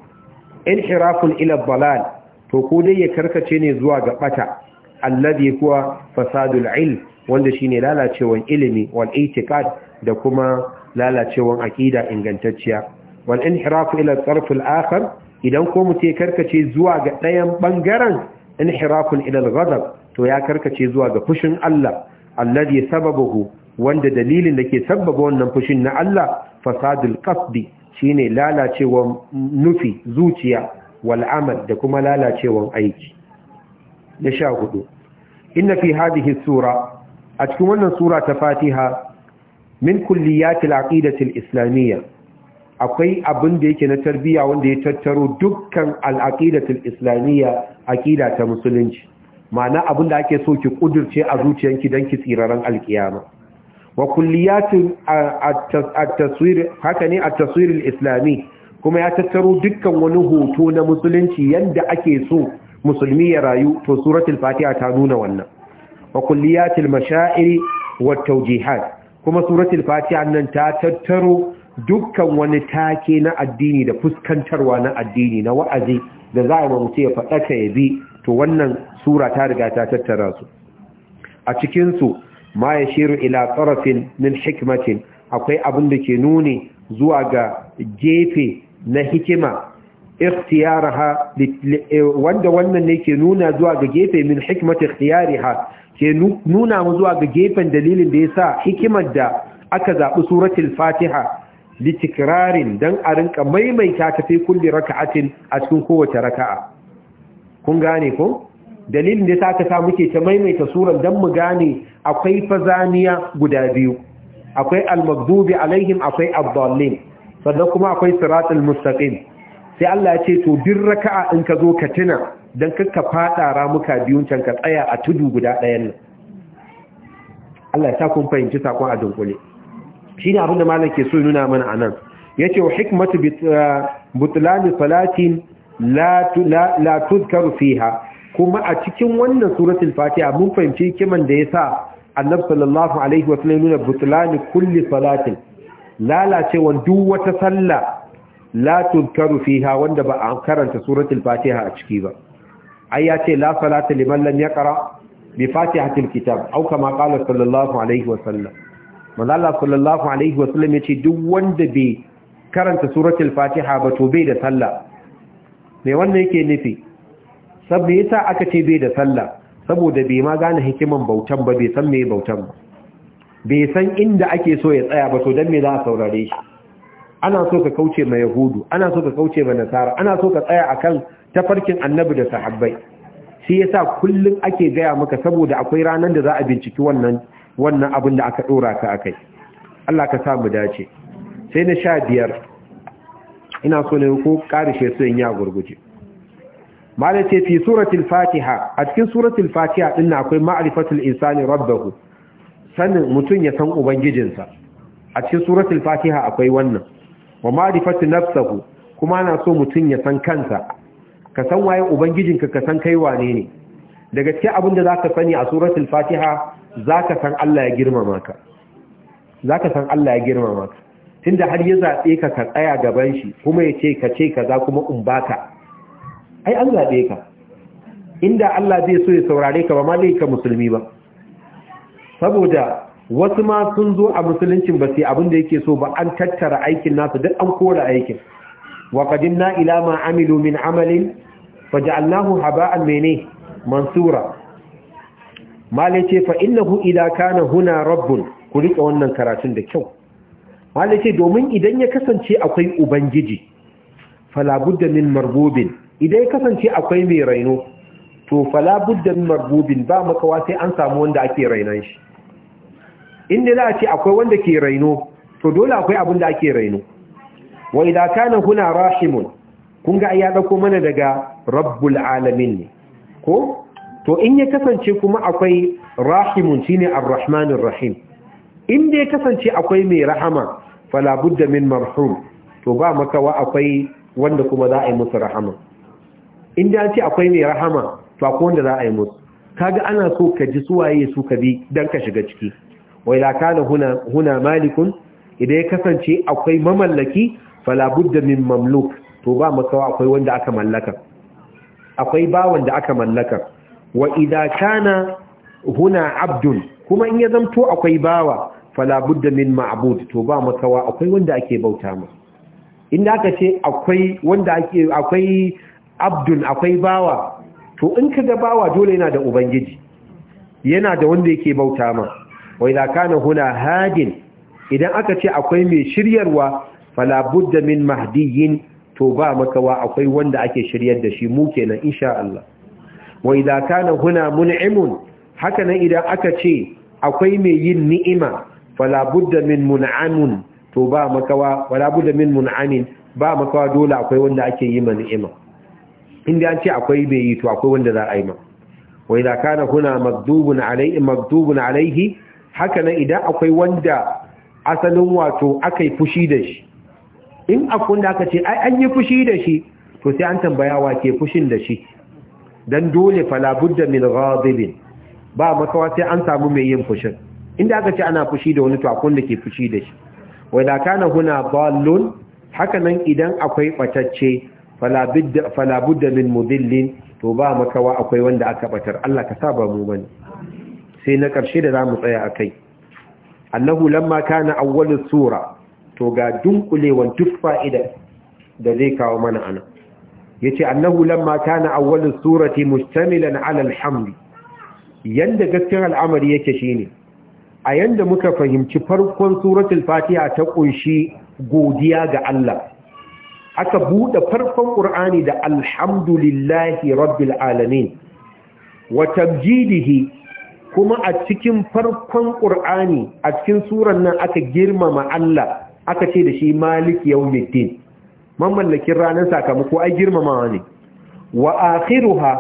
inhirafun ila balal to ko dai ya karkace ne zuwa ga bata alladhi huwa fasadul ilm wanda shine lalacewan ilimi wal i'tiqad da kuma lalacewan aqida ingantacciya wal inhirafu ila tarf al akhar idan ko mutai karkace zuwa ga dayan bangaren inhirafun ila al ghadab to ya karkace zuwa ga fushin Allah alladhi sababahu wanda dalilin da ke sabbaba wannan fushin na Allah fasadul qasdi shine lalacewar nufi zuciya wal amal da kuma lalacewar aiki na 14 inna fi hadhihi sura a cikin wannan sura ta Fatiha min kulliyatil aqidatil islamiyya akwai abin da yake na tarbiya wanda ya tattaro dukkan al islamiyya aqida ta musulunci ma'ana abin da ake so ki kudirce a zuciyanki don ki tsiraran alkiyama wa kulliyatin at-taswir haka ne a taswir islami kuma ya tattaro dukkan wani hoto na musulunci yadda ake so musulmi ya rayu to suratul fatiha ta nuna wannan wa kulliyatil mashairi wat tawjihat kuma suratul fatiha nan ta tattaro dukkan wani take na addini da fuskantarwa na addini na wa'azi da za a mutu ya faɗaka ya bi to wannan sura ta riga ta tattara su a cikin su ma yashiru ila tsarafin min hikmatin akwai abin da ke nuni zuwa ga gefe na hikima ikhtiyaraha eh, wanda wannan ne ke nuna zuwa ga gefe min hikmat ikhtiyariha ke nuna mu zuwa ga gefen dalilin da yasa hikimar da aka zabi suratul fatiha litikrarin dan a rinka maimaita ta fi kulli raka'atin a cikin kowace raka'a kun gane ko dalilin da ta sa muke ta maimaita suran dan mu gane akwai fazaniya guda biyu akwai al-maghdubi alaihim akwai ad-dallin sannan kuma akwai siratul mustaqim sai Allah ya ce to din raka'a in ka zo ka tuna dan kakka fada ramuka biyun can ka tsaya a tudu guda ɗayan nan Allah ya sa kun fahimci sakon a dunkule shine abin da malam ke so nuna mana anan yace wa hikmatu eh, butlan salatin la tuzkaru fiha kuma a cikin wannan suratul fatiha mun fahimci kiman da yasa annabi sallallahu alaihi wa sallam nuna butlan kulli salatin lalacewan duk wata sallah la tuzkaru fiha wanda ba a karanta suratul fatiha a ciki ba ai ya ce la salata liman lam yaqra bi fatihatil kitab au kama qala sallallahu alaihi wa sallam manzo sallallahu alaihi wa sallam yace duk wanda bai karanta suratul fatiha ba to bai da sallah me wannan yake nufi saboda yasa aka ce bai da sallah saboda bai ma gane hikiman bautan ba bai san me bautan ba bai san inda ake so ya tsaya ba so dan me za a saurare shi ana so ka kauce ma yahudu ana so ka kauce ma nasara ana so ka tsaya akan tafarkin annabi da sahabbai shi yasa kullum ake gaya maka saboda akwai ranar da za a binciki wannan wannan abin da aka dora ka akai Allah ka sa mu dace sai na sha biyar ina so ne ku karishe su yin ya gurguje mala ce fi suratul fatiha a cikin suratul fatiha din akwai ma'rifatul insani rabbahu sanin mutun ya san ubangijinsa a cikin suratul fatiha akwai wannan wa ma'rifatu nafsihi kuma ana so mutun ya san kansa ka san waye ubangijinka ka san kai wane ne daga cikin abin da zaka sani a suratul fatiha zaka san Allah ya girmama ka zaka san Allah ya girmama ka tunda har ya zaɓe ka ka tsaya gaban shi kuma ya ce ka ce ka za kuma in ka ai an zaɓe ka inda Allah zai so ya saurare ka ba ma zai ka musulmi ba saboda wasu ma sun zo a musuluncin ba sai abin da yake so ba an tattara aikin nasu duk an kora aikin wa na ila ma amilu min amalin faj'alnahu haba'an mene mansura malai ce fa innahu ila kana huna rabbun ku rika wannan karatun da kyau wanda ce domin idan ya kasance akwai ubangiji falabudda min marbobin idan ya kasance akwai mai raino to falabudda min marbobin ba makawa sai an samu wanda ake rainon shi inda za a ce akwai wanda ke raino to dole akwai abin da ake raino wa idan kana huna rahimun kun ga ya dauko mana daga rabbul alamin ne ko to in ya kasance kuma akwai rahimun shine arrahmanir rahim in dai kasance akwai mai rahama fala budda min marhum to ba wa akwai wanda kuma za a yi musu rahama in da ce akwai mai rahama to akwai wanda za a yi musu kaga ana so ka ji suwaye su ka bi dan ka shiga ciki wai la kana huna huna malikun idan ya kasance akwai mamallaki fala budda min mamluk to ba wa akwai wanda aka mallaka akwai bawan da aka mallaka wa idan kana huna abdun kuma in ya zamto akwai bawa fala budda min ma'bud to ba makawa akwai wanda ake bauta ma inda aka ce akwai wanda ake akwai abdun akwai bawa to in kaga bawa dole yana da ubangiji yana da wanda yake bauta ma wa idza kana huna hadin idan aka ce akwai mai shiryarwa fala budda min mahdiyin to ba makawa akwai wanda ake shiryar da shi mu kenan insha Allah wa idza kana huna mun'imun haka nan idan aka ce akwai mai yin ni'ima fala budda min mun'amun to ba makawa wala budda min mun'amin ba makawa dole akwai wanda ake yi ma ni'ima inda an ce akwai bai yi to akwai wanda za a yi ma wa idza kana huna magdubun alayhi magdubun alayhi haka nan idan akwai wanda asalin wato akai fushi da shi in akwai wanda aka ce ai an yi fushi da shi to sai an tambaya wa ke fushin da shi dan dole fala budda min ghadibin ba makawa sai an samu mai yin fushin inda aka ce ana fushi da wani to akwai ke fushi da shi wa na kana huna ballon haka nan idan akwai batacce falabudamin mu fala min mudillin to ba makawa akwai wanda aka batar Allah ka saba mu bane sai na karshe da zamu tsaya akai annahu lamma kana awwalus sura to ga dunkulewan duk fa'ida da zai kawo mana ana yace annahu lamma kana awwalus surati mustamilan ala alhamd yanda gaskiyar al'amari yake shine a yanda muka fahimci farkon suratul fatiha ta kunshi godiya ga Allah aka bude farkon qur'ani da alhamdulillahi rabbil alamin wa tabjidihi kuma a cikin farkon qur'ani a cikin suran nan aka girmama Allah aka ce da shi malik yawmiddin mamallakin ranar sakamako ai girmamawa ne wa akhiruha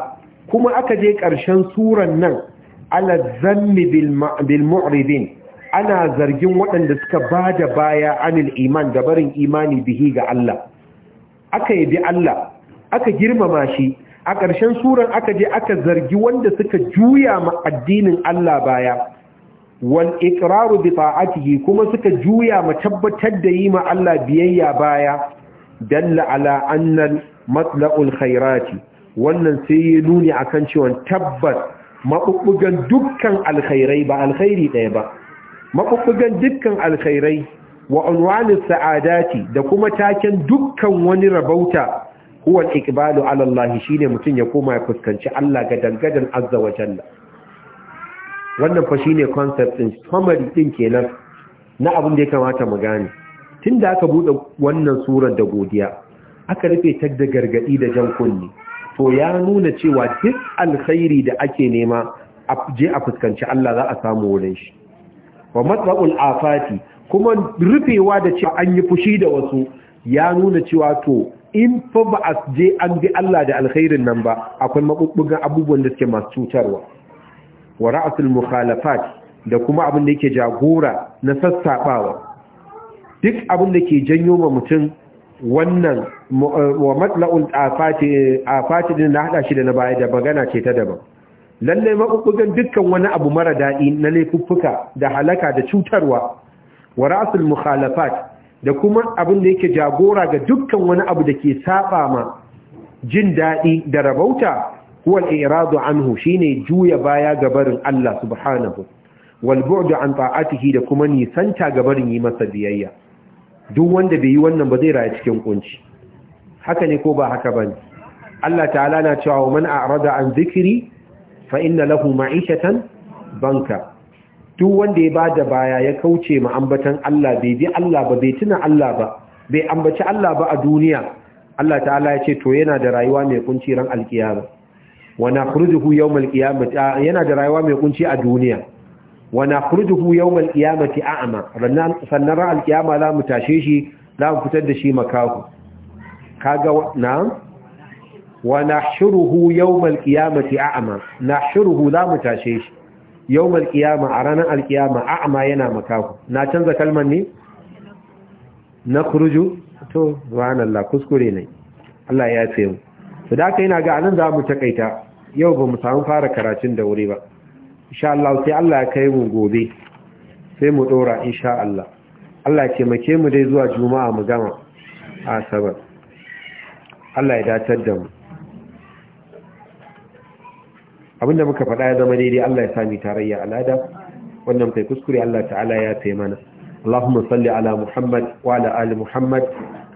kuma aka je ƙarshen suran nan ala zanni bil ana zargin waɗanda suka ba da baya anil iman da barin imani bihi ga Allah aka yabi Allah aka girmama shi a ƙarshen suran aka je aka zargi wanda suka juya ma addinin Allah baya wal iqraru bi ta'atihi kuma suka juya ma tabbatar da yi ma Allah biyayya baya dalla ala annal matla'ul khairati wannan sai ya nuni akan cewa tabbata maɓuɓɓugan dukkan alkhairai ba alkhairi ɗaya ba maɓuɓɓugan dukkan alkhairai wa unwanin sa'adati da kuma taken dukkan wani rabauta huwal iqbalu ala Allah shine mutum ya koma ya fuskanci Allah ga dangadan azza wa jalla wannan fa shine concept din summary din kenan na abin da ya kamata mu gane tunda aka bude wannan surar da godiya aka rufe ta da gargadi da jan kunni to ya nuna cewa duk alkhairi da ake nema a je a fuskanci Allah za a samu wurin shi wa matsaul afati kuma rufewa da cewa an yi fushi da wasu ya nuna cewa to in fa ba a je an bi Allah da alkhairin nan ba akwai mabubbugan abubuwan da suke masu cutarwa wa ra'asul mukhalafat da kuma abin da yake jagora na sassaɓawa. duk abin da ke janyo ma mutum wannan eh, wa matla'ul afati afati na haɗa shi da na baya da magana ce ta daban lalle maɓuɓɓugan dukkan wani abu mara daɗi na laifuffuka da halaka da cutarwa wa ra'sul mukhalafat da kuma abin da yake jagora ga dukkan wani abu da ke saba ma jin daɗi, da rabauta huwa al-iradu anhu shine juya baya ga barin Allah subhanahu wal bu'du an ta'atihi da kuma nisanta ga barin yi masa biyayya duk wanda bai yi wannan ba zai rayu cikin kunci haka ne ko ba haka ba ne Allah ta'ala na cewa man a'rada an zikiri fa inna lahu ma'ishatan banka duk wanda ya bada baya ya kauce ma ambatan Allah bai bi Allah ba bai tuna Allah ba bai ambaci Allah ba a duniya Allah ta'ala ya ce to yana da rayuwa mai kunci ran alkiyama wa nakhrujuhu yawm alqiyamah yana da rayuwa mai kunci a duniya wa nakhrujuhu yau al-qiyamati a'ma sannan ra'al qiyama za mu tashe shi za mu fitar da shi makahu kaga na wa yau yawm al-qiyamati a'ma nahshuruhu za mu tashe shi yau al-qiyama a ranar al-qiyama a'ma yana makahu na canza kalmar ne kurju to subhanallah kuskure ne Allah ya tsaye mu Sadaka yana ina ga anan za mu takaita yau ba mu samu fara karatun da wuri ba insha Allah sai Allah ya kai mu gobe sai mu dora insha Allah Allah ya taimake mu dai zuwa juma'a mu gama asabar Allah ya datar da mu abinda muka faɗa ya zama daidai Allah ya sami tarayya alada wannan kai kuskure Allah ta'ala ya taimana اللهم صل على محمد وعلى آل محمد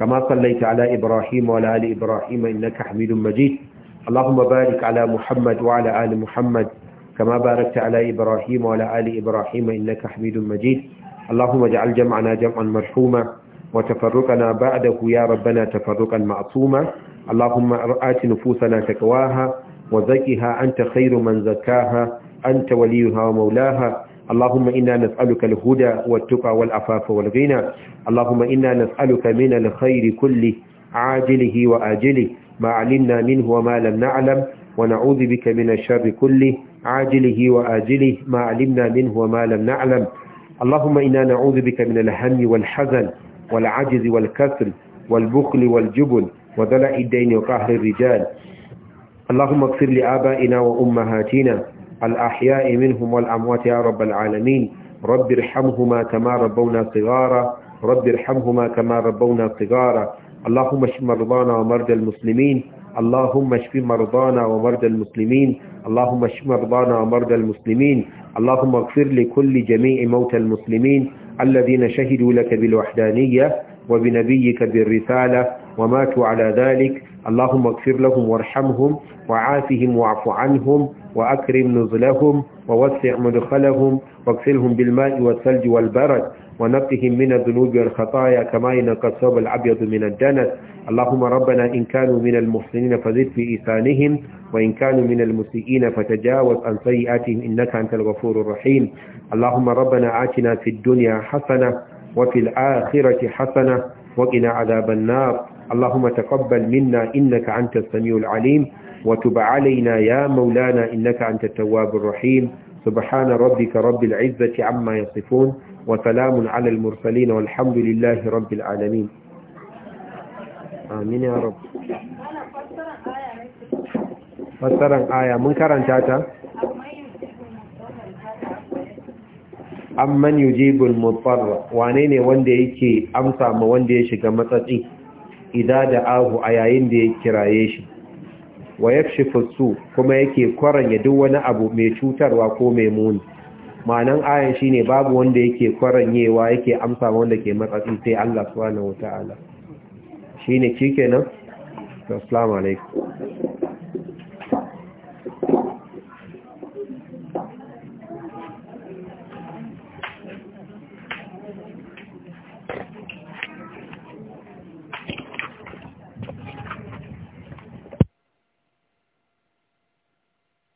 كما صليت على إبراهيم وعلى آل إبراهيم إنك حميد مجيد اللهم بارك على محمد وعلى آل محمد كما باركت على إبراهيم وعلى آل إبراهيم إنك حميد مجيد اللهم اجعل جمعنا جمعا مرحوما وتفرقنا بعده يا ربنا تفرقا معصوما اللهم آت نفوسنا تكواها وزكها أنت خير من زكاها أنت وليها ومولاها اللهم إنا نسألك الهدى والتقى والعفاف والغنى اللهم إنا نسألك من الخير كله عاجله وآجله ما علمنا منه وما لم نعلم ونعوذ بك من الشر كله عاجله وآجله ما علمنا منه وما لم نعلم اللهم إنا نعوذ بك من الهم والحزن والعجز والكسل والبخل والجبن وذلع الدين وقهر الرجال اللهم اغفر لآبائنا وأمهاتنا الأحياء منهم والأموات يا رب العالمين رب ارحمهما كما ربونا صغارا رب ارحمهما كما ربونا صغارا اللهم اشف مرضانا ومرضى المسلمين اللهم اشف مرضانا ومرضى المسلمين اللهم اشف مرضانا ومرضى المسلمين اللهم اغفر لكل جميع موتى المسلمين الذين شهدوا لك بالوحدانية وبنبيك بالرسالة وماتوا على ذلك اللهم اغفر لهم وارحمهم وعافهم واعف عنهم وأكرم نزلهم ووسع مدخلهم واغسلهم بالماء والثلج والبرد ونقهم من الذنوب والخطايا كما ينقى الثوب الأبيض من الدنس اللهم ربنا إن كانوا من المحسنين فزد في إيثانهم وإن كانوا من المسيئين فتجاوز عن سيئاتهم إنك أنت الغفور الرحيم اللهم ربنا آتنا في الدنيا حسنة وفي الآخرة حسنة وقنا عذاب النار اللهم تقبل منا إنك أنت السميع العليم وتب علينا يا مولانا إنك أنت التواب الرحيم سبحان ربك رب العزة عما يصفون وسلام alal mursalina! والحمد لله رب العالمين fassaran aya mun karanta ta amman yujibul mutarra wane ne wanda yake amsa ma wanda ya shiga matsatsi da ahu a yayin da ya kiraye shi wa yakshifu su kuma yake kwaranya duk wani abu mai cutarwa ko mai muni ma'anan ayan ne babu wanda yake kwaranyewa yake amsa wanda ke matsatsi sai Allah na wataala shine kikenan assalamu alaikum